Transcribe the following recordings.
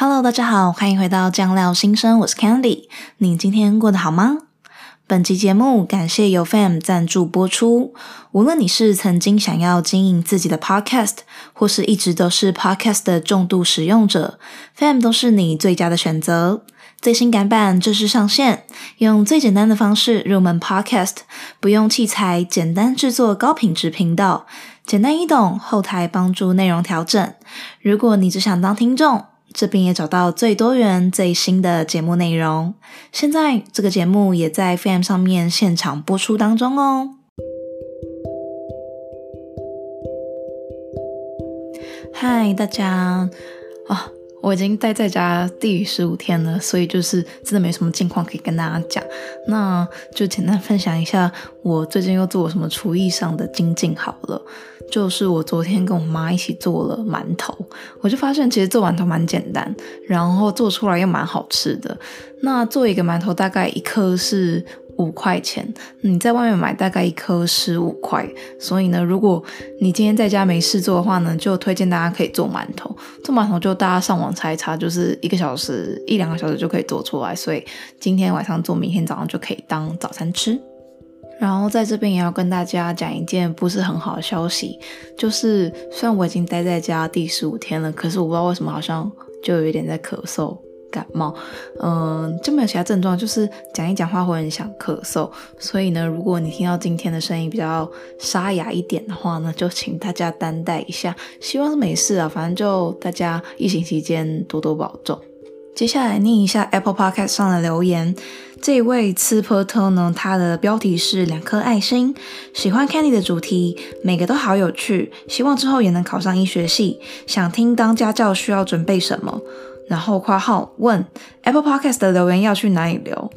Hello，大家好，歡迎回到醬料心聲，我是 Candy。你今天過得好嗎？本期節目感謝由 FAM 贊助播出。無論你是曾經想要經營自己的 Podcast，或是一直都是 Podcast 的重度使用者，FAM 都是你最佳的選擇。最新改版正式上線，用最簡單的方式入門 Podcast，不用器材，簡單制作高品質頻道，簡單易懂，後台幫助內容調整。如果你只想當聽眾，這邊也找到最多元最新的節目內容，現在這個節目也在 FAM 上面現場播出當中哦。嗨，大家，啊、哦。我已經待在家第十五天了，所以就是真的沒什麼近況可以跟大家講，那就簡單分享一下我最近又做什麼廚藝上的精進好了。就是我昨天跟我媽一起做了饅頭，我就發現其實做饅頭蠻簡單，然後做出來又蠻好吃的。那做一個饅頭大概一顆是。五塊錢，你在外面買大概一顆十五塊，所以呢，如果你今天在家沒事做的話呢，就推薦大家可以做饅頭。做饅頭就大家上網查一查，就是一個小時一兩個小時就可以做出來，所以今天晚上做，明天早上就可以當早餐吃。然後在這邊也要跟大家講一件不是很好的消息，就是雖然我已經待在家第十五天了，可是我不知道為什麼好像就有一點在咳嗽。感冒，嗯，就沒有其他症狀，就是講一講話會很想咳嗽。所以呢，如果你聽到今天的聲音比較沙啞一點的話呢，就請大家擔待一下。希望是沒事啊，反正就大家疫情期間多多保重。接下來念一下 Apple Podcast 上的留言，這位吃波特呢，他的標題是兩顆愛心，喜歡 Candy 的主題，每個都好有趣。希望之後也能考上醫學系，想聽當家教需要準備什麼。然後，括號問 Apple Podcast 的留言要去哪裡留？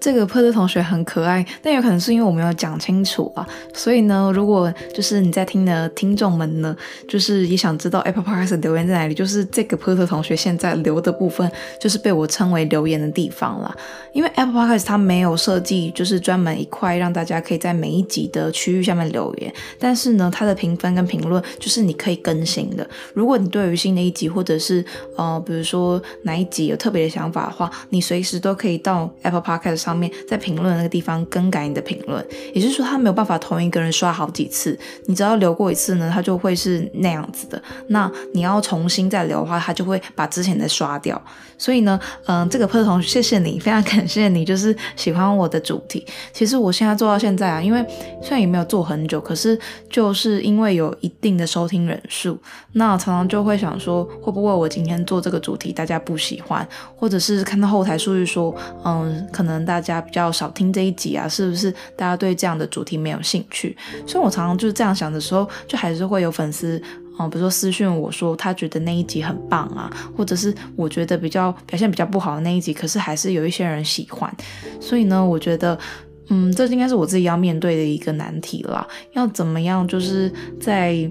這個波特同學很可愛，但有可能是因為我沒有講清楚啊，所以呢，如果就是你在聽的聽眾們呢，就是也想知道 Apple Podcast 的留言在哪裡，就是這個波特同學現在留的部分，就是被我稱為留言的地方啦。因為 Apple Podcast 它沒有設計就是專門一塊讓大家可以在每一集的區域下面留言，但是呢，它的評分跟評論就是你可以更新的。如果你對於新的一集或者是呃，比如說哪一集有特別的想法的話，你隨時都可以到 Apple Podcast 上。上面在評論的那個地方更改你的評論，也就是說他沒有辦法同一個人刷好幾次。你只要留過一次呢，他就會是那樣子的。那你要重新再留的話，他就會把之前的刷掉。所以呢，嗯，這個朋友同學謝謝你，非常感謝你，就是喜歡我的主題。其實我現在做到現在啊，因為雖然也沒有做很久，可是就是因為有一定的收聽人數，那常常就會想說，會不會我今天做這個主題大家不喜歡，或者是看到後台數據說，嗯，可能大。大家比較少聽這一集啊，是不是？大家對這樣的主題沒有興趣？所以，我常常就是這樣想的時候，就還是會有粉絲嗯、呃，比如說私訊我說他覺得那一集很棒啊，或者是我覺得比較表現比較不好的那一集，可是還是有一些人喜歡。所以呢，我覺得，嗯，這應該是我自己要面對的一個難題了。要怎麼樣，就是在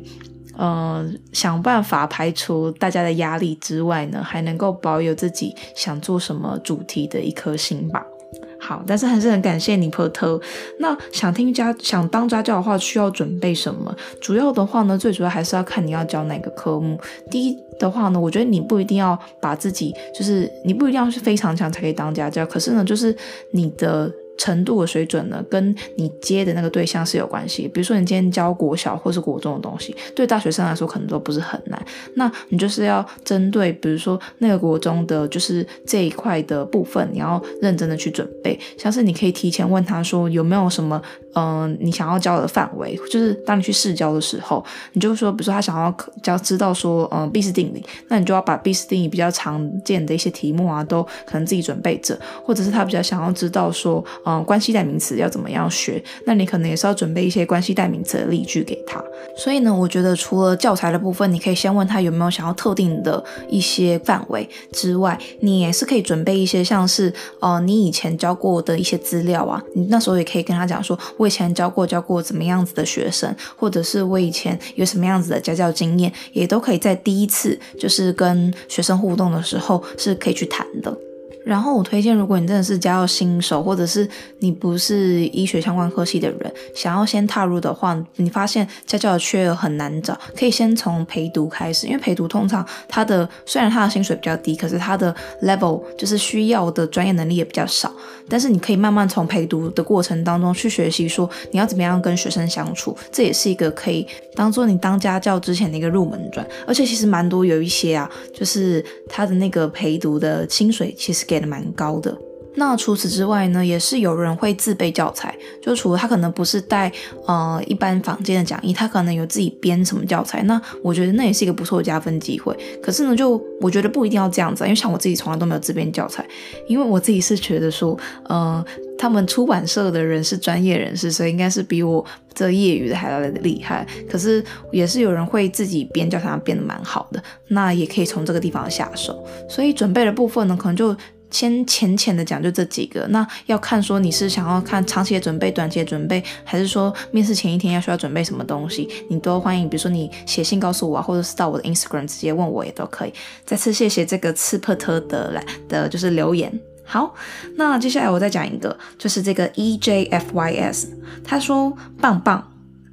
呃想辦法排除大家的壓力之外呢，還能夠保有自己想做什麼主題的一顆心吧。好，但是還是很感謝你波特。那想聽家想當家教的話，需要準備什麼？主要的話呢，最主要還是要看你要教哪個科目。第一的話呢，我覺得你不一定要把自己，就是你不一定要是非常強才可以當家教，可是呢，就是你的。程度的水準呢，跟你接的那個對象是有關係。比如說，你今天教國小或是國中的東西，對大學生來說可能都不是很難。那你就是要針對，比如說那個國中的，就是這一塊的部分，你要認真的去準備。像是你可以提前問他說有沒有什麼，嗯、呃，你想要教的範圍，就是當你去試教的時候，你就說，比如說他想要教知道說，嗯、呃，畢氏定理，那你就要把畢氏定理比較常見的一些題目啊，都可能自己準備着，或者是他比較想要知道說。嗯，關係代名詞要怎麼樣學？那你可能也是要準備一些關係代名詞的例句給他。所以呢，我覺得除了教材的部分，你可以先問他有沒有想要特定的一些範圍之外，你也是可以準備一些像是，呃，你以前教過的一些資料啊，你那時候也可以跟他講說，我以前教過教過怎麼樣子的學生，或者是我以前有什麼樣子的家教經驗，也都可以在第一次就是跟學生互動的時候是可以去談的。然後我推薦，如果你真的是家教新手，或者是你不是醫學相關科系的人，想要先踏入的話，你發現家教的缺額很難找，可以先從陪讀開始。因為陪讀通常他的，雖然他的薪水比較低，可是他的 level 就是需要的專業能力也比較少。但是你可以慢慢從陪讀的過程當中去學習，說你要怎麼樣跟學生相處，這也是一個可以當做你當家教之前的一個入門磚。而且其實蠻多有一些啊，就是他的那個陪讀的薪水其實給。蠻高的。那除此之外呢，也是有人會自備教材，就除了他可能不是帶呃一般坊間的講義，他可能有自己編什麼教材。那我覺得那也是一個不錯的加分機會。可是呢，就我覺得不一定要這樣子，因為像我自己從來都沒有自編教材，因為我自己是覺得說，嗯、呃，他們出版社的人是專業人士，所以應該是比我這業餘的還要厲害。可是也是有人會自己編教材編得蠻好的，那也可以從這個地方下手。所以準備的部分呢，可能就。先淺淺的講，就這幾個。那要看說你是想要看長期的準備，短期的準備，還是說面試前一天要需要準備什麼東西，你都歡迎。比如說你寫信告訴我啊，或者是到我的 Instagram 直接問我也都可以。再次謝謝這個刺破特的的，的就是留言。好，那接下來我再講一個，就是這個 E J F Y S，他說棒棒，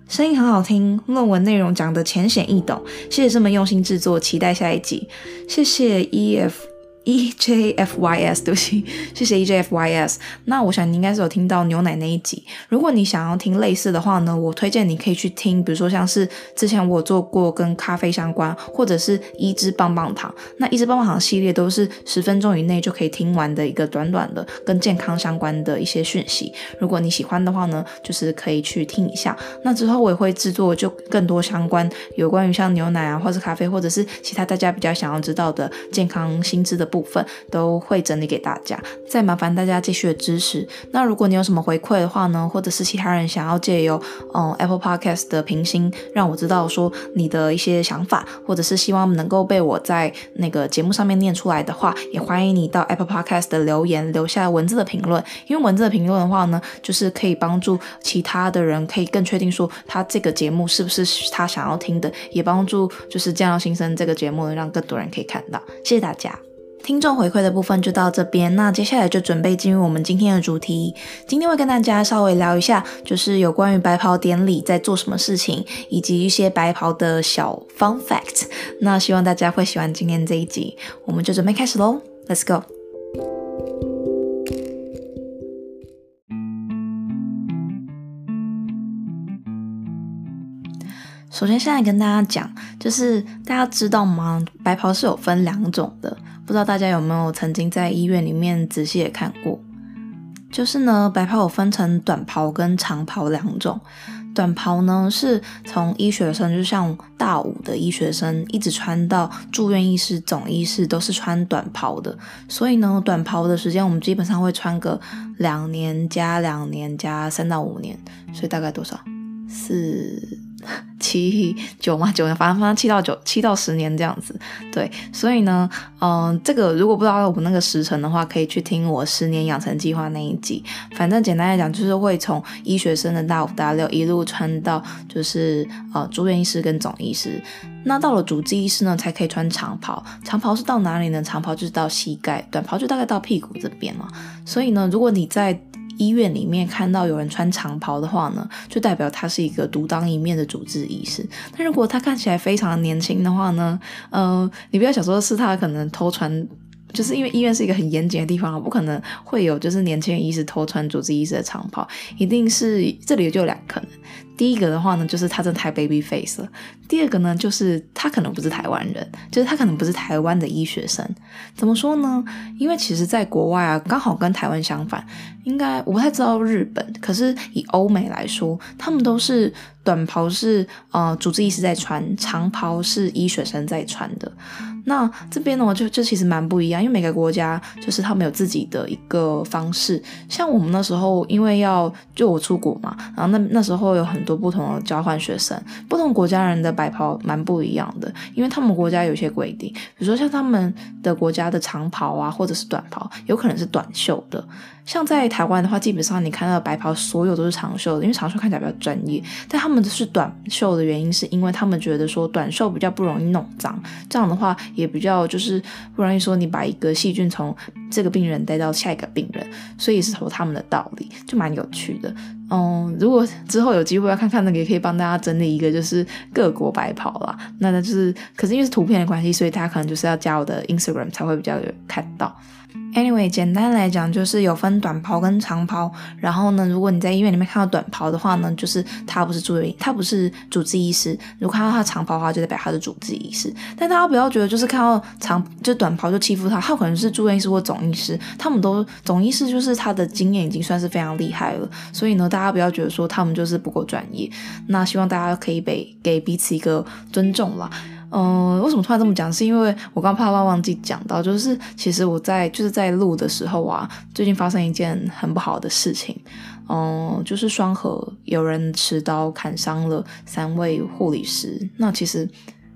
聲音很好聽，論文內容講得淺顯易懂，謝謝這麼用心制作，期待下一集。謝謝 E F。E J F Y S 對不起，謝謝 E J F Y S。那我想你應該是有聽到牛奶那一集。如果你想要聽類似的話呢，我推薦你可以去聽，比如說像是之前我做過跟咖啡相關，或者是一支棒棒糖。那一支棒棒糖系列都是十分鐘以內就可以聽完的一個短短的跟健康相關的一些訊息。如果你喜歡的話呢，就是可以去聽一下。那之後我也會制作就更多相關有關於像牛奶啊，或者是咖啡，或者是其他大家比較想要知道的健康新知的。部分都會整理給大家，再麻煩大家繼續的支持。那如果你有什麼回饋的話呢，或者是其他人想要借由嗯 Apple Podcast 的評星，讓我知道說你的一些想法，或者是希望能夠被我在那個節目上面念出來的話，也歡迎你到 Apple Podcast 的留言留下文字的評論。因為文字的評論的話呢，就是可以幫助其他的人可以更確定說他這個節目是不是他想要聽的，也幫助就是《醬料心聲》這個節目讓更多人可以看到。謝謝大家。聽眾回饋的部分就到這邊，那接下來就準備進入我們今天的主題。今天會跟大家稍微聊一下，就是有關於白袍典禮在做什麼事情，以及一些白袍的小 fun fact。那希望大家會喜歡今天這一集，我們就準備開始嘍，Let's go！首先，現在跟大家講，就是大家知道嗎？白袍是有分兩種的，不知道大家有沒有曾經在醫院裡面仔細也看過？就是呢，白袍有分成短袍跟長袍兩種。短袍呢，是從醫學生，就像大五的醫學生，一直穿到住院醫師、總醫師，都是穿短袍的。所以呢，短袍的時間，我們基本上會穿個兩年加兩年加三到五年，所以大概多少？四。七九嘛，九反正反正七到九，七到十年這樣子，對，所以呢，嗯、呃，這個如果不知道我那個時程的話，可以去聽我十年養成計劃那一集。反正簡單來講，就是會從醫學生的大五大六一路穿到，就是呃住院醫師跟總醫師。那到了主治醫師呢，才可以穿長袍。長袍是到哪裡呢？長袍就是到膝蓋，短袍就大概到屁股這邊了。所以呢，如果你在醫院裡面看到有人穿長袍的話呢，就代表他是一個獨當一面的主治醫師。那如果他看起來非常的年輕的話呢，嗯、呃，你不要想說是他可能偷穿。就是因為醫院是一個很嚴謹的地方，不可能會有就是年輕人醫師偷穿主治醫師的長袍，一定是這裡就有兩個可能。第一個的話呢，就是他真的太 baby face 了；第二個呢，就是他可能不是台灣人，就是他可能不是台灣的醫學生。怎麼說呢？因為其實，在國外啊，剛好跟台灣相反，應該我不太知道日本，可是以歐美來說，他們都是短袍是呃主治醫師在穿，長袍是醫學生在穿的。那這邊呢，就就其實蠻不一樣，因為每個國家就是他們有自己的一個方式。像我們那時候，因為要就我出國嘛，然後那那時候有很多不同的交換學生，不同國家人的白袍蠻不一樣的，因為他們國家有一些規定，比如說像他們的國家的長袍啊，或者是短袍，有可能是短袖的。像在台灣的話，基本上你看到的白袍所有都是長袖的，因為長袖看起來比較專業。但他們都是短袖的原因，是因為他們覺得說短袖比較不容易弄髒，這樣的話也比較就是不容易說你把一個細菌從這個病人帶到下一個病人，所以也是有他們的道理，就蠻有趣的。嗯，如果之後有機會要看看那個，也可以幫大家整理一個，就是各國白袍啦。那那就是，可是因為是圖片的關係，所以大家可能就是要加我的 Instagram 才會比較有看到。Anyway，簡單來講就是有分短袍跟長袍。然後呢，如果你在醫院裡面看到短袍的話呢，就是他不是住院，他不是主治醫師。如果看到他長袍的話，就代表他是主治醫師。但大家不要覺得就是看到長，就短袍就欺負他，他可能是住院醫師或總醫師。他們都總醫師就是他的經驗已經算是非常厲害了，所以呢，大家不要覺得說他們就是不夠專業。那希望大家可以被給彼此一個尊重啦。嗯、呃，為什麼突然這麼講？是因為我剛剛怕，怕忘記講到，就是其實我在就是在錄的時候啊，最近發生一件很不好的事情，嗯、呃，就是雙和有人持刀砍傷了三位護理師。那其實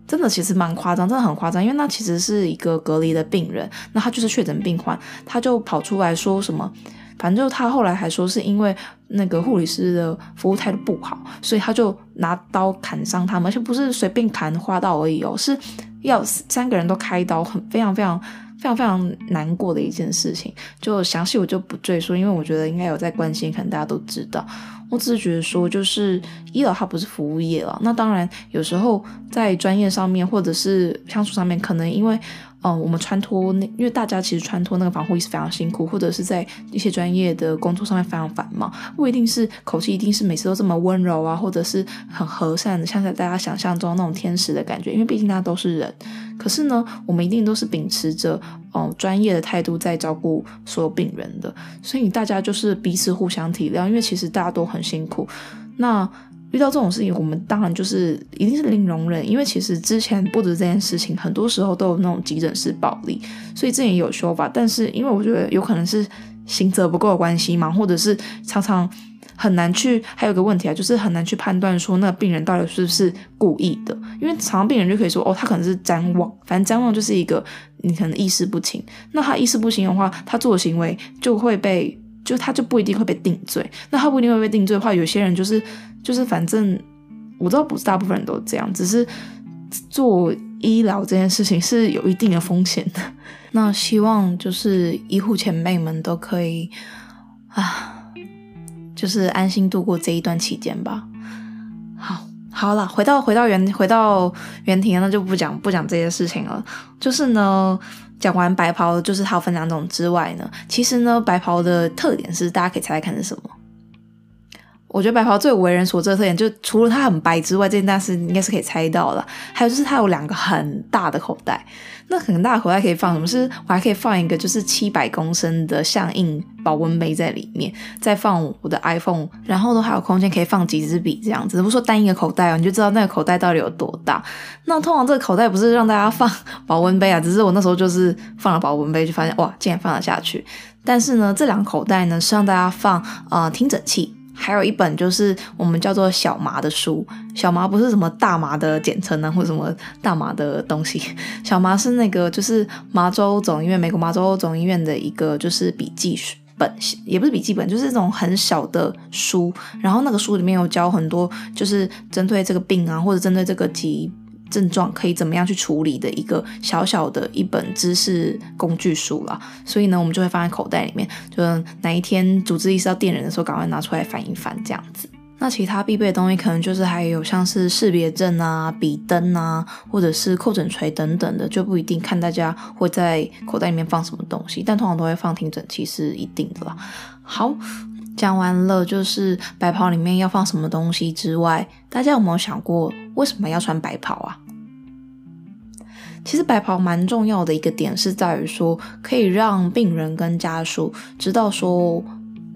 真的其實蠻誇張，真的很誇張，因為那其實是一個隔離的病人，那他就是確診病患，他就跑出來說什麼。反正就他後來還說，是因為那個護理師的服務態度不好，所以他就拿刀砍傷他們，而且不是隨便砍花刀而已哦，是要三個人都開刀，很非常非常非常非常難過的一件事情。就詳細我就不贅述，因為我覺得應該有在關心，可能大家都知道。我只是覺得說，就是醫療它不是服務業了，那當然有時候在專業上面或者是相處上面，可能因為。嗯，我們穿脫，因為大家其實穿脫那個防護衣是非常辛苦，或者是在一些專業的工作上面非常繁忙，不一定是口氣，一定是每次都這麼溫柔啊，或者是很和善的，像在大家想象中那種天使的感覺。因為畢竟大家都是人，可是呢，我們一定都是秉持着嗯專業的態度在照顧所有病人的，所以大家就是彼此互相體諒，因為其實大家都很辛苦。那。遇到這種事情，我們當然就是一定是零容忍，因為其實之前不止這件事情，很多時候都有那種急診室暴力，所以這也有說法。但是因為我覺得有可能是刑責不夠的關係嘛，或者是常常很難去，還有一個問題啊，就是很難去判斷說那病人到底是不是故意的，因為常常病人就可以說哦，他可能是譫妄，反正譫妄就是一個你可能意識不清，那他意識不清的話，他做的行為就會被，就他就不一定會被定罪。那他不一定會被定罪的話，有些人就是。就是反正我都不是，大部分人都這樣，只是做醫療這件事情是有一定的風險的。那希望就是醫護前輩們都可以啊，就是安心度過這一段期間吧。好，好了，回到回到原回到原題，那就不講不講這些事情了。就是呢，講完白袍，就是它分兩種之外呢，其實呢，白袍的特點是大家可以猜猜看是什麼？我覺得白袍最為人所知的特點，就除了它很白之外，這件大事你應該是可以猜到的。還有就是它有兩個很大的口袋，那很大的口袋可以放什麼？是我還可以放一個就是七百公升的象印保溫杯在裡面，再放我的 iPhone，然後都還有空間可以放幾支筆這樣子。只不說單一個口袋哦，你就知道那個口袋到底有多大。那通常這個口袋不是讓大家放保溫杯啊，只是我那時候就是放了保溫杯，就發現哇，竟然放得下去。但是呢，這兩個口袋呢是讓大家放啊、呃、聽診器。還有一本就是我們叫做小麻的書，小麻不是什麼大麻的簡稱啊，或者什麼大麻的東西，小麻是那個就是麻州總醫院，美國麻州總醫院的一個就是筆記本，也不是筆記本，就是這種很小的書，然後那個書裡面有教很多，就是針對這個病啊，或者針對這個疾病、症狀可以怎麼樣去處理的一個小小的一本知識工具書啦，所以呢，我們就會放在口袋裡面，就哪一天主治醫師要電人的時候，趕快拿出來翻一翻這樣子。那其他必備的東西，可能就是還有像是識別證啊、筆燈啊，或者是叩診錘等等的，就不一定看大家會在口袋裡面放什麼東西，但通常都會放聽診器是一定的啦。好。講完了，就是白袍裡面要放什麼東西之外，大家有沒有想過為什麼要穿白袍啊？其實白袍蠻重要的一個點是在於說，可以讓病人跟家屬知道說，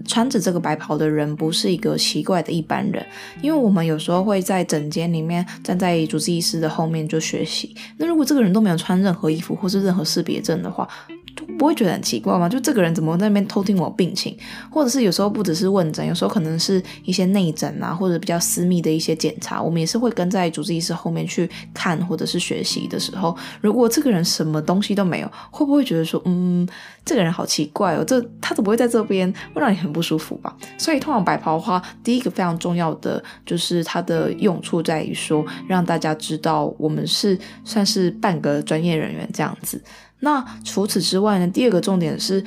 穿着這個白袍的人不是一個奇怪的一般人。因為我們有時候會在診間裡面站在主治醫師的後面就學習，那如果這個人都沒有穿任何衣服，或是任何識別證的話。不會覺得很奇怪嗎？就這個人怎麼在那邊偷聽我病情，或者是有時候不只是問診，有時候可能是一些內診啊，或者比較私密的一些檢查，我們也是會跟在主治醫師後面去看，或者是學習的時候，如果這個人什麼東西都沒有，會不會覺得說，嗯，這個人好奇怪哦，這他怎麼會在這邊？會讓你很不舒服吧？所以，通常白袍的話第一個非常重要的就是它的用處在於說，讓大家知道我們是算是半個專業人員這樣子。那除此之外呢，第二個重點是，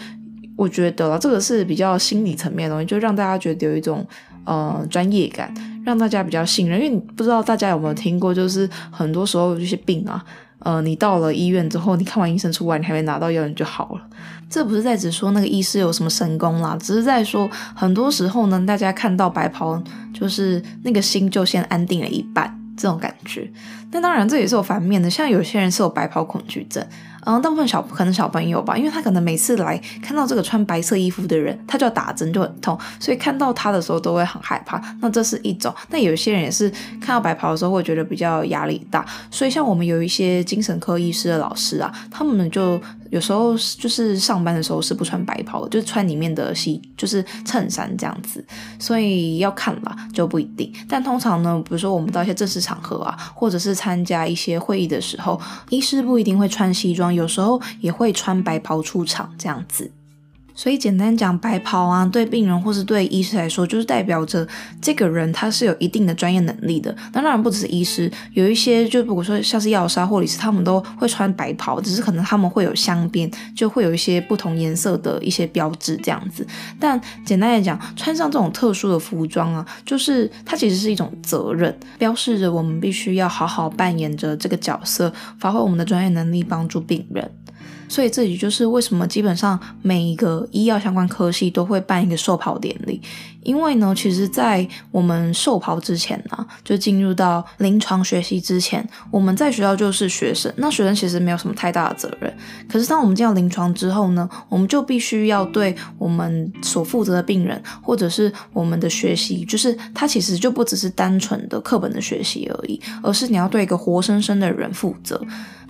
我覺得啦，這個是比較心理層面的東西，就讓大家覺得有一種呃專業感，讓大家比較信任。因為你不知道大家有沒有聽過，就是很多時候有一些病啊，呃，你到了醫院之後，你看完醫生出來，你還沒拿到藥，你就好了。這不是在指說那個醫師有什麼神功啦，只是在說很多時候呢，大家看到白袍，就是那個心就先安定了一半這種感覺。那當然這也是有反面的，像有些人是有白袍恐懼症。然後、嗯、大部分小可能小朋友吧，因為他可能每次來看到這個穿白色衣服的人，他就要打針，就很痛，所以看到他的時候都會很害怕。那這是一種，但有些人也是看到白袍的時候會覺得比較壓力大，所以像我們有一些精神科醫師的老師啊，他們就。有時候就是上班的時候是不穿白袍，就是穿裡面的西，就是襯衫這樣子，所以要看啦，就不一定。但通常呢，比如說我們到一些正式場合啊，或者是參加一些會議的時候，醫師不一定會穿西裝，有時候也會穿白袍出場這樣子。所以簡單講，白袍啊，對病人或是對醫師來說，就是代表着這個人他是有一定的專業能力的。那當然不只是醫師，有一些就比如說像是藥師或律師，他們都會穿白袍，只是可能他們會有鑲邊，就會有一些不同顏色的一些標誌這樣子。但簡單來講，穿上這種特殊的服裝啊，就是它其實是一種責任，標示着我們必須要好好扮演着這個角色，發揮我們的專業能力，幫助病人。所以，這裡就是為什麼基本上每一個醫藥相關科系都會辦一個授袍典禮，因為呢，其實，在我們授袍之前呢，啊，就進入到臨床學習之前，我們在學校就是學生，那學生其實沒有什麼太大的責任。可是，當我們進到臨床之後呢，我們就必須要對我們所負責的病人，或者是我們的學習，就是它其實就不只是單純的課本的學習而已，而是你要對一個活生生的人負責。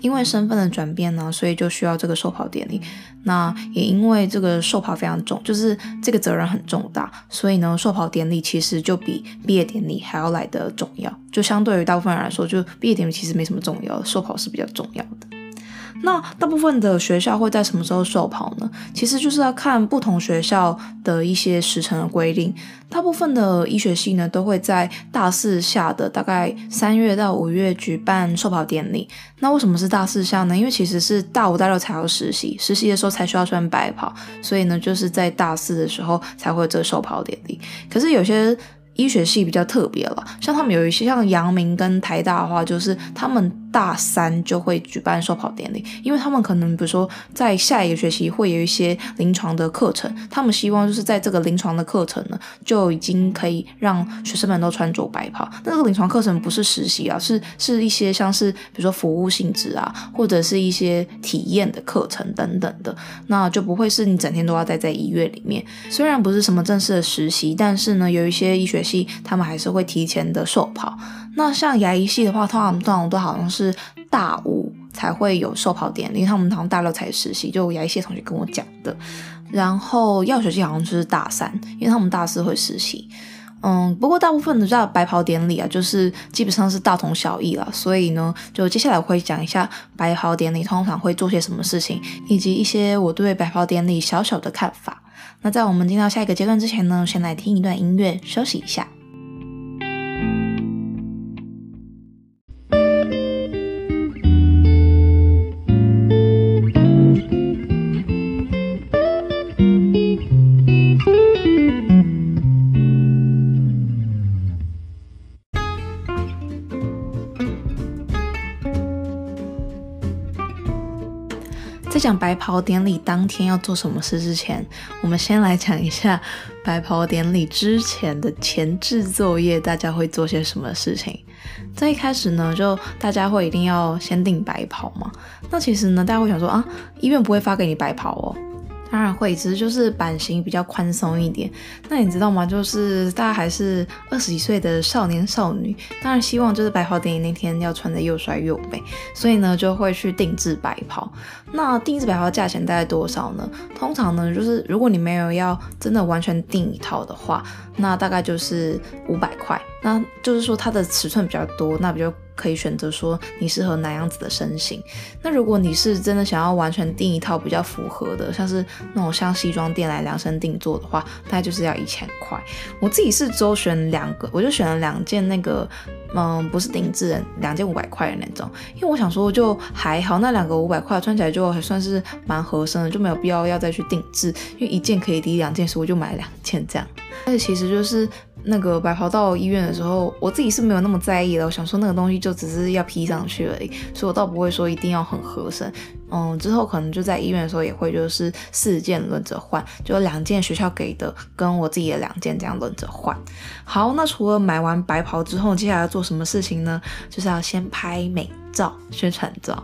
因為身份的轉變呢，所以就需要這個授袍典禮。那也因為這個授袍非常重，就是這個責任很重大，所以呢，授袍典禮其實就比畢業典禮還要來得重要。就相對於大部分人來說，就畢業典禮其實沒什麼重要，授袍是比較重要的。那大部分的學校會在什麼時候授袍呢？其實就是要看不同學校的一些時程的規定。大部分的醫學系呢，都會在大四下的大概三月到五月舉辦授袍典禮。那為什麼是大四下呢？因為其實是大五、大六才要實習，實習的時候才需要穿白袍，所以呢，就是在大四的時候才會有這授袍典禮。可是有些醫學系比較特別了，像他們有一些像陽明跟台大的話，就是他們。大三就會舉辦授袍典禮，因為他們可能，比如說在下一個學期會有一些臨床的課程，他們希望就是在這個臨床的課程呢，就已經可以讓學生們都穿着白袍。那這個臨床課程不是實習啊，是是一些像是比如說服務性質啊，或者是一些體驗的課程等等的，那就不會是你整天都要待在醫院裡面。雖然不是什麼正式的實習，但是呢，有一些醫學系他們還是會提前的授袍。那像牙醫系的話，通常我們通常都好像是大五才會有授袍典禮，因為他們好像大六才實習，就牙醫系的同學跟我講的。然後藥學系好像就是大三，因為他們大四會實習。嗯，不過大部分都知道白袍典禮啊，就是基本上是大同小異了。所以呢，就接下來我會講一下白袍典禮通常會做些什麼事情，以及一些我對白袍典禮小小的看法。那在我們進到下一個階段之前呢，先來聽一段音樂休息一下。白袍典禮當天要做什麼事之前，我們先來講一下白袍典禮之前的前置作業，大家會做些什麼事情？在一開始呢，就大家會一定要先訂白袍嘛。那其實呢，大家會想說啊，醫院不會發給你白袍哦。當然會，其實就是版型比較寬鬆一點。那你知道嗎？就是大家還是二十幾歲的少年少女，當然希望就是白袍典禮那天要穿的又帥又美，所以呢就會去定製白袍。那定製白袍的價錢大概多少呢？通常呢就是如果你沒有要真的完全訂一套的話，那大概就是五百塊。那就是說它的尺寸比較多，那比較可以選擇說你適合哪樣子的身形。那如果你是真的想要完全定一套比較符合的，像是那種像西裝店來量身定做的話，大概就是要一千塊。我自己是周選兩個，我就選了兩件那個，嗯，不是定制的，兩件五百塊的那種。因為我想說就還好，那兩個五百塊穿起來就還算是蠻合身的，就沒有必要要再去定制，因為一件可以抵兩件，所以我就買兩件這樣。但是其實就是。那個白袍到醫院的時候，我自己是沒有那麼在意的。我想說那個東西就只是要披上去而已，所以我倒不會說一定要很合身。嗯，之後可能就在醫院的時候也會就是四件輪着換，就兩件學校給的跟我自己的兩件這樣輪着換。好，那除了買完白袍之後，接下來要做什麼事情呢？就是要先拍美照、宣傳照。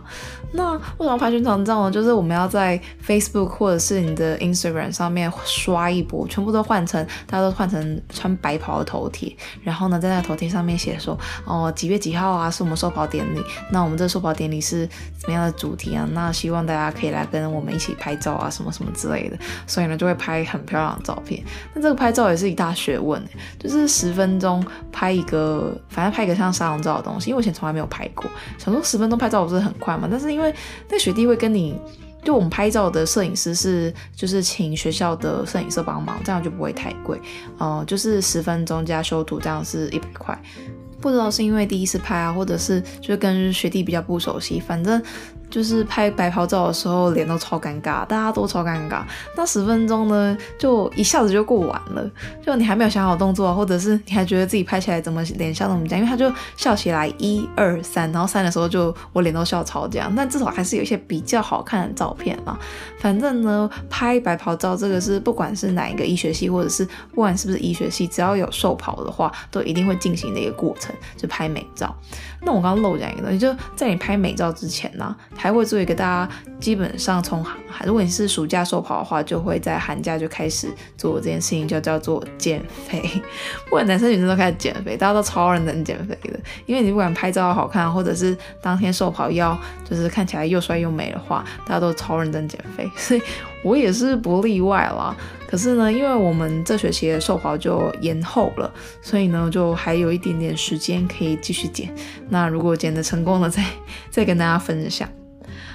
那為什麼拍宣傳照呢？就是我們要在 Facebook 或者是你的 Instagram 上面刷一波，全部都換成，大家都換成穿白袍的頭貼，然後呢，在那個頭貼上面寫說，哦、呃，幾月幾號啊，是我們授袍典禮。那我們這授袍典禮是怎麼樣的主題啊？那希望大家可以來跟我們一起拍照啊，什麼什麼之類的。所以呢，就會拍很漂亮的照片。那這個拍照也是一大學問、欸，就是十分鐘拍一個，反正拍一個像沙龍照的東西，因為我以前從來沒有拍過。想說十分鐘拍照不是很快嘛？但是因為因為那學弟會跟你，就我們拍照的攝影師是，就是請學校的攝影社幫忙，這樣就不會太貴，呃，就是十分鐘加修圖這樣是一百塊，不知道是因為第一次拍啊，或者是就跟學弟比較不熟悉，反正。就是拍白袍照的時候，臉都超尷尬，大家都超尷尬。那十分鐘呢，就一下子就過完了，就你還沒有想好動作，或者是你還覺得自己拍起來怎麼臉笑那麼僵，因為他就笑起來一二三，然後三的時候就我臉都笑超僵。但至少還是有一些比較好看的照片啊。反正呢，拍白袍照這個是不管是哪一個醫學系，或者是不管是不是醫學系，只要有授袍的話，都一定會進行的一個過程，就拍美照。那我剛剛漏講一個東西，就在你拍美照之前呢、啊。還會做一個大家基本上從寒，如果你是暑假授袍的話，就會在寒假就開始做這件事情，就叫做減肥。不管男生女生都開始減肥，大家都超認真減肥的，因為你不管拍照好看，或者是當天授袍要就是看起來又帥又美的話，大家都超認真減肥，所以我也是不例外啦。可是呢，因為我們這學期的授袍就延後了，所以呢，就還有一點點時間可以繼續減。那如果減得成功了，再再跟大家分享。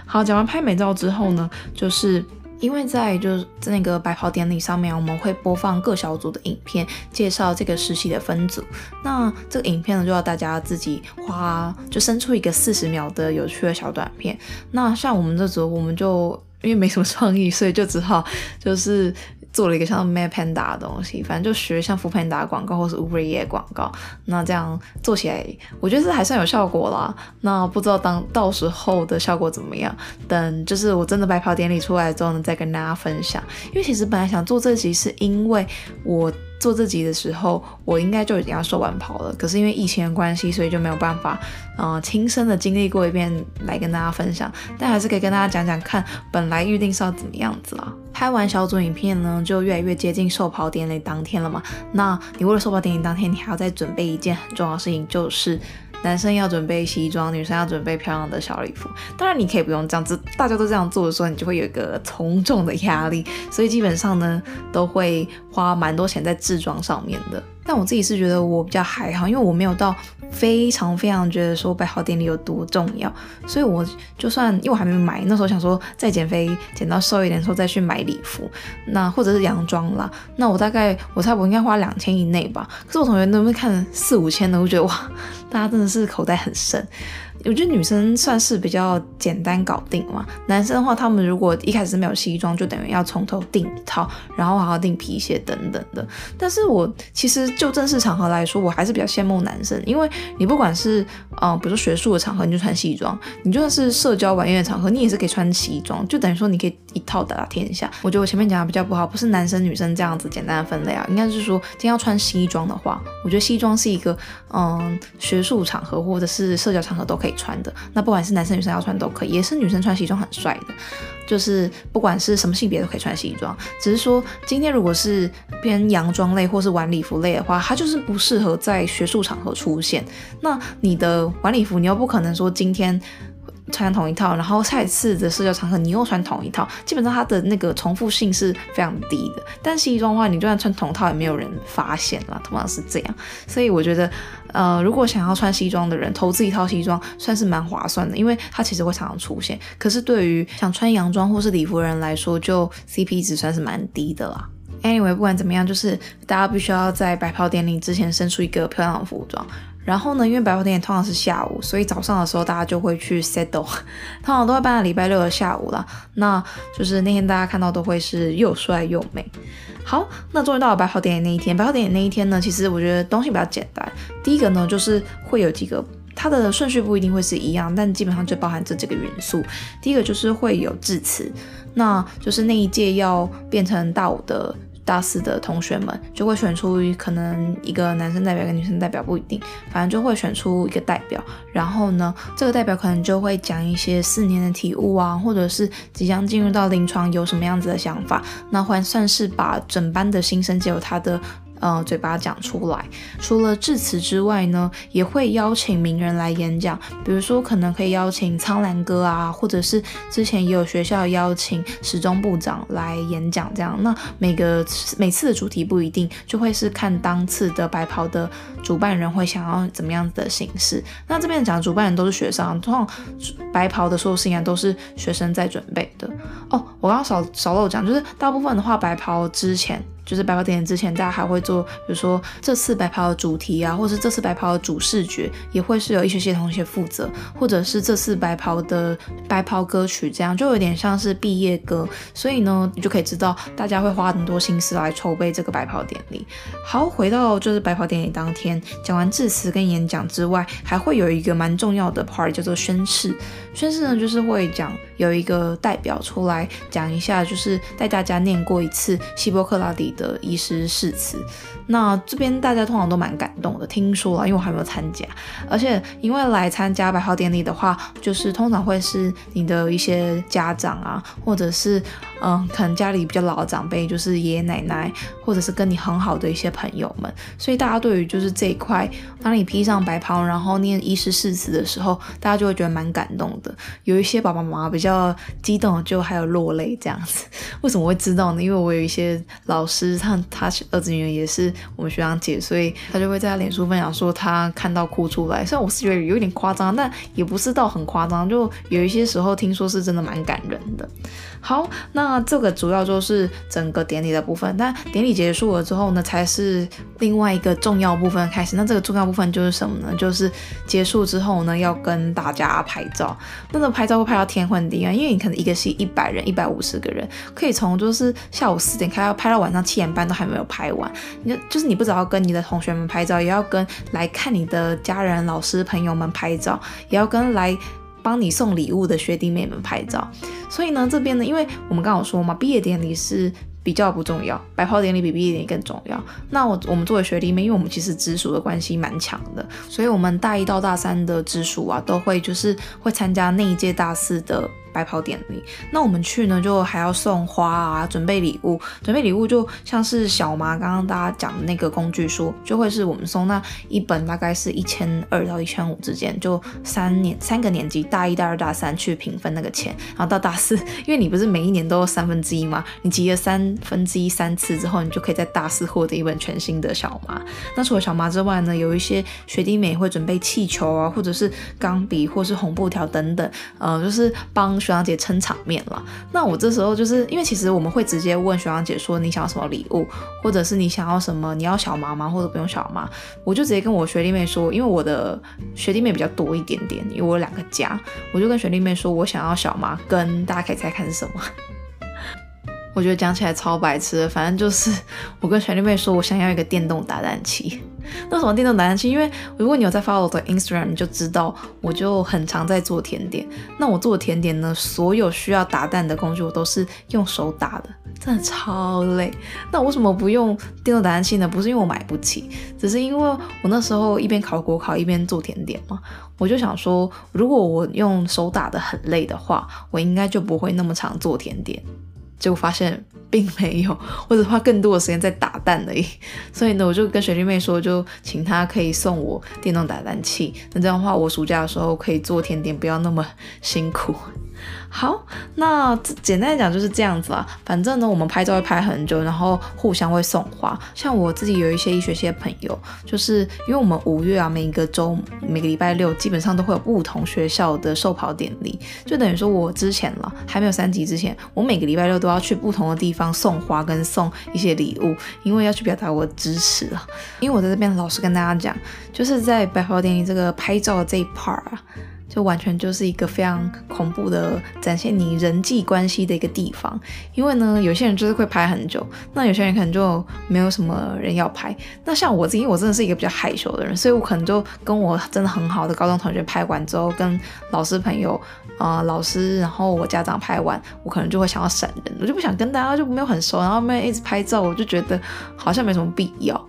好，講完拍美照之後呢，就是因為在就是那個白袍典禮上面，我們會播放各小組的影片，介紹這個實習的分組。那這個影片呢，就要大家自己花，就生出一個四十秒的有趣的小短片。那像我們這組，我們就因為沒什麼創意，所以就只好就是。做了一個像 m Panda 的東西，反正就學像 foodpanda 廣告或是 Uber Eats 廣告。那這樣做起來我覺得是還算有效果啦。那不知道當到時候的效果怎麼樣？等就是我真的白袍典禮出來之後呢，再跟大家分享。因為其實本來想做這集是因為我。做這集的時候，我應該就已經要授完袍了，可是因為疫情的關係，所以就沒有辦法，呃，親身的經歷過一遍來跟大家分享。但還是可以跟大家講講看，本來預定是要怎麼樣子啦。拍完小組影片呢，就越來越接近授袍典禮當天了嘛。那你為了授袍典禮當天，你還要再準備一件很重要的事情，就是。男生要準備西裝，女生要準備漂亮的小禮服。當然，你可以不用這樣子，大家都這樣做的時候，你就會有一個從眾的壓力。所以基本上呢，都會花蠻多錢在制裝上面的。但我自己是覺得我比較還好，因為我沒有到。非常非常覺得說白袍典禮有多重要，所以我就算，因為我還沒買，那時候想說再減肥減到瘦一點的時候再去買禮服，那或者是洋裝啦，那我大概我差不多應該花兩千以內吧。可是我同學那邊看四五千的，我覺得哇，大家真的是口袋很深。我覺得女生算是比較簡單搞定嘛，男生的話，他們如果一開始是沒有西裝，就等於要從頭訂一套，然後好好訂皮鞋等等的。但是我其實就正式場合來說，我還是比較羨慕男生，因為你不管是嗯，比如說學術的場合，你就穿西裝，你就算是社交晚宴的場合，你也是可以穿西裝，就等於說你可以一套打打天下。我覺得我前面講的比較不好，不是男生女生這樣子簡單的分類啊，應該是說，今天要穿西裝的話，我覺得西裝是一個嗯，學術場合或者是社交場合都可以穿的，那不管是男生女生要穿都可以，也是女生穿西裝很帥的，就是不管是什麼性別都可以穿西裝，只是說今天如果是偏洋裝類或是晚禮服類的話，它就是不適合在學術場合出現。那你的晚禮服，你又不可能說今天穿同一套，然後下一次的社交場合你又穿同一套，基本上它的那個重複性是非常低的。但西裝的話，你就算穿同套也沒有人發現啦，同樣是這樣。所以我覺得，呃，如果想要穿西裝的人投資一套西裝，算是蠻划算的，因為它其實會常常出現。可是對於想穿洋裝或是禮服的人來說，就 CP 值算是蠻低的啦。Anyway，不管怎麼樣，就是大家必須要在白袍典禮之前生出一個漂亮的服裝。然後呢，因為白袍典禮通常是下午，所以早上的時候大家就會去 settle。通常都會辦到禮拜六的下午啦，那就是那天大家看到都會是又帥又美。好，那終於到了白袍典禮那一天。白袍典禮那一天呢，其實我覺得東西比較簡單。第一個呢，就是會有幾個，它的順序不一定會是一樣，但基本上就包含這幾個元素。第一個就是會有致辭，那就是那一屆要變成大五的。大四的同學們就會選出可能一個男生代表跟女生代表，不一定，反正就會選出一個代表，然後呢，這個代表可能就會講一些四年的體悟啊，或者是即將進入到臨床有什麼樣子的想法，那還算是把整班的新生藉由他的、呃、嗯，嘴巴講出來。除了致辭之外呢，也會邀請名人來演講。比如說，可能可以邀請蒼藍鴿啊，或者是之前也有學校邀請時中部長來演講。這樣，那每個每次的主題不一定，就會是看當次的白袍的主辦人會想要怎麼樣子的形式。那這邊講的主辦人都是學生、啊，通常白袍的時候，應該都是學生在準備的。哦，我剛剛少少漏講，就是大部分的話，白袍之前。就是白袍典禮之前，大家還會做，比如說這次白袍的主題啊，或是這次白袍的主視覺，也會是由一些些同學負責，或者是這次白袍的白袍歌曲，這樣就有點像是畢業歌。所以呢，你就可以知道大家會花很多心思來籌備這個白袍典禮。好，回到就是白袍典禮當天，講完致辭跟演講之外，還會有一個蠻重要的 part 叫做宣誓。宣誓呢，就是會講有一個代表出來講一下，就是帶大家念過一次希波克拉底的醫師誓詞。那這邊大家通常都蠻感動的，聽說了，因為我還沒有參加，而且因為來參加白袍典禮的話，就是通常會是你的一些家長啊，或者是嗯，可能家裡比較老的長輩，就是爺爺奶奶，或者是跟你很好的一些朋友們，所以大家對於就是這一塊，當你披上白袍，然後念醫師誓詞的時候，大家就會覺得蠻感動的，有一些爸爸媽媽比較激動，就還有落淚這樣子。為什麼會知道呢？因為我有一些老師，他他兒子女兒也是。我們學長姐，所以她就會在臉書分享說她看到哭出來。雖然我是覺得有點誇張，但也不是到很誇張，就有一些時候聽說是真的蠻感人的。好，那這個主要就是整個典禮的部分。但典禮結束了之後呢，才是另外一個重要部分開始。那這個重要部分就是什麼呢？就是結束之後呢，要跟大家拍照。那這個拍照會拍到天昏地暗，因為你可能一個系一百人、一百五十個人，可以從就是下午四點開始拍到晚上七點半都還沒有拍完。你就就是你不只要跟你的同學們拍照，也要跟來看你的家人、老師、朋友們拍照，也要跟來。幫你送禮物的學弟妹們拍照，所以呢，這邊呢，因為我們剛好說嘛，畢業典禮是比較不重要，白袍典禮比畢業典禮更重要。那我我們作為學弟妹，因為我們其實直屬的關係蠻強的，所以我們大一到大三的直屬啊，都會就是會參加那一屆大四的，授袍典禮，那我們去呢，就還要送花啊，準備禮物。準備禮物就像是小麻剛剛大家講的那個工具書，就會是我們送那一本，大概是一千二到一千五之間，就三年三個年級，大一、大二、大三去平分那個錢，然後到大四，因為你不是每一年都有三分之一嘛，你集了三分之一三次之後，你就可以在大四獲得一本全新的小麻。那除了小麻之外呢，有一些學弟妹會準備氣球啊，或者是鋼筆，或是紅布條等等，呃，就是幫學。學長姐撐場面了，那我這時候就是因為其實我們會直接問學長姐說，你想要什麼禮物，或者是你想要什麼，你要小媽媽，或者不用小媽，我就直接跟我學弟妹說，因為我的學弟妹比較多一點點，因為我有兩個家，我就跟學弟妹說我想要小媽，跟大家可以猜看是什麼？我覺得講起來超白痴的，反正就是我跟全力妹說，我想要一個電動打蛋器。那什麼電動打蛋器？因為如果你有在 follow 我的 Instagram，你就知道我就很常在做甜點。那我做甜點呢，所有需要打蛋的工具我都是用手打的，真的超累。那我為什麼不用電動打蛋器呢？不是因為我買不起，只是因為我那時候一邊考國考一邊做甜點嘛。我就想說，如果我用手打得很累的話，我應該就不會那麼常做甜點。結果發現並沒有，我只花更多的時間在打蛋而已。所以呢，我就跟學弟妹說，就請她可以送我電動打蛋器。那這樣的話，我暑假的時候可以做甜點，不要那麼辛苦。好，那簡單來講就是這樣子啊。反正呢，我們拍照會拍很久，然後互相會送花。像我自己有一些醫學系的朋友，就是因為我們五月啊，每個周每個禮拜六基本上都會有不同學校的授袍典禮，就等於說我之前了還沒有三級之前，我每個禮拜六都要去不同的地方送花跟送一些禮物，因為要去表達我的支持啊。因為我在這邊老實跟大家講，就是在白袍典禮這個拍照的這一 part 啊。就完全就是一個非常恐怖的展現你人際關係的一個地方，因為呢，有些人就是會拍很久，那有些人可能就沒有什麼人要拍。那像我，因為我真的是一個比較害羞的人，所以我可能就跟我真的很好的高中同學拍完之後，跟老師朋友啊、呃、老師，然後我家長拍完，我可能就會想要閃人，我就不想跟大家就沒有很熟，然後沒有一直拍照，我就覺得好像沒什麼必要。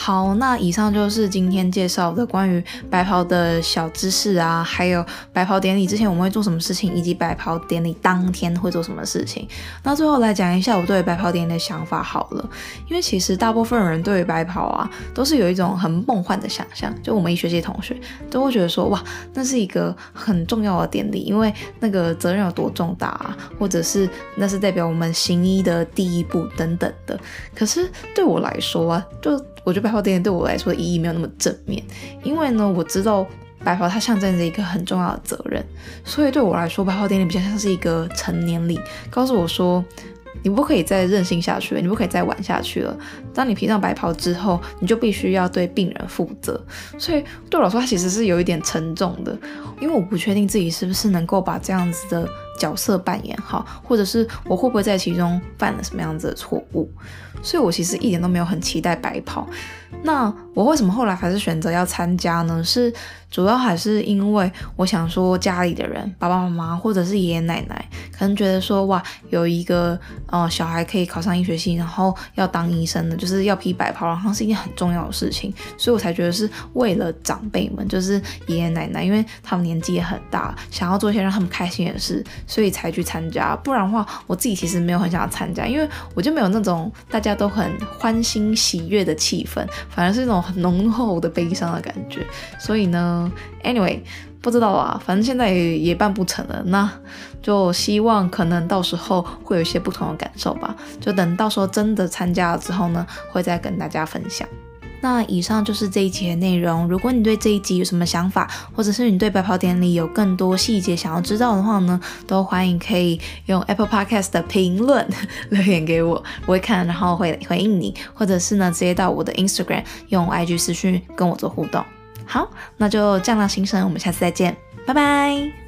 好，那以上就是今天介紹的關於白袍的小知識啊，還有白袍典禮之前我們會做什麼事情，以及白袍典禮當天會做什麼事情。那最後來講一下我對白袍典禮的想法好了，因為其實大部分人對於白袍啊都是有一種很夢幻的想象，就我們醫學系同學都會覺得說，哇，那是一個很重要的典禮，因為那個責任有多重大啊，或者是那是代表我們行醫的第一步等等的。可是對我來說啊，就我覺得白袍典禮對我來說的意義沒有那麼正面，因為呢，我知道白袍它象徵着一個很重要的責任，所以對我來說，白袍典禮比較像是一個成年禮，告訴我說你不可以再任性下去了，你不可以再玩下去了。當你披上白袍之後，你就必須要對病人負責，所以對我來說，它其實是有一點沉重的，因為我不確定自己是不是能夠把這樣子的。角色扮演，好，或者是我會不會在其中犯了什麼樣子的錯誤？所以我其實一點都沒有很期待白袍。那我為什麼後來還是選擇要參加呢？是主要還是因為我想說家裡的人，爸爸媽媽或者是爺爺奶奶，可能覺得說哇，有一個呃小孩可以考上醫學系，然後要當醫生的，就是要披白袍，好像是一件很重要的事情，所以我才覺得是為了長輩們，就是爺爺奶奶，因為他們年紀也很大，想要做一些讓他們開心的事，所以才去參加。不然的話，我自己其實沒有很想要參加，因為我就沒有那種大家都很歡欣喜悅的氣氛。反正是一種很濃厚的悲傷的感覺，所以呢，anyway，不知道啊，反正現在也也辦不成了，那就希望可能到時候會有一些不同的感受吧，就等到時候真的參加了之後呢，會再跟大家分享。那以上就是這一集的內容。如果你對這一集有什麼想法，或者是你對白袍典禮有更多細節想要知道的話呢，都歡迎可以用 Apple Podcast 的評論留言給我，我會看，然後回回應你，或者是呢直接到我的 Instagram 用 IG 私訊跟我做互動。好，那就醬料心聲，我們下次再見，拜拜。